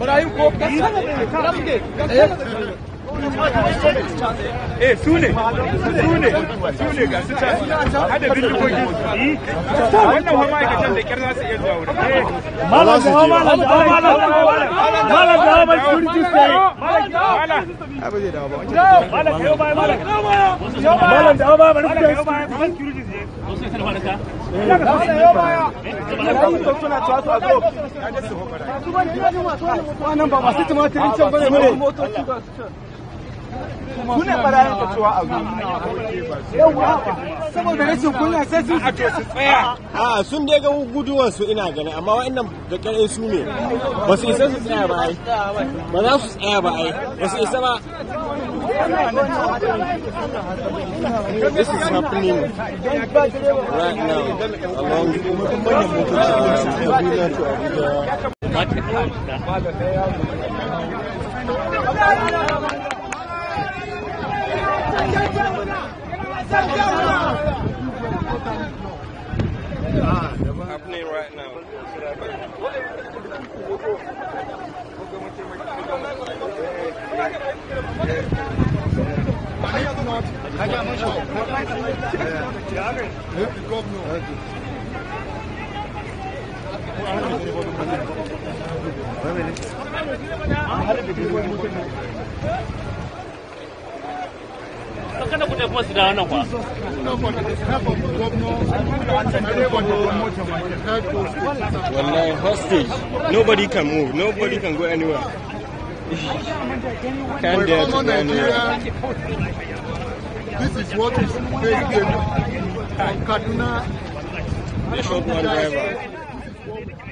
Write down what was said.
barayin ko eh su ne su ne su ne ga su da kyar za su iya abu zai dawo ba malam kayo baya malam kayo baya malam dawo baya bari ku kayo baya ban security je wasu ba ka ina ka sai kayo baya ka mu a go ka je su hokara su ban ji wani wato wannan ba masu tumatirin can bane a'a motoci a sun su tsaya a ina gani amma wa'annan da kare su ne ba su isa su tsaya ba ai ba za su tsaya ba ai ba su isa ba This is happening right now along happening right now. Governor. Nataka kutafua silaona kwa Wallahi, hostage. Nobody can move. Nobody can go anywhere. Can't to go anywhere. This is what is facing Kaduna. They shot one driver.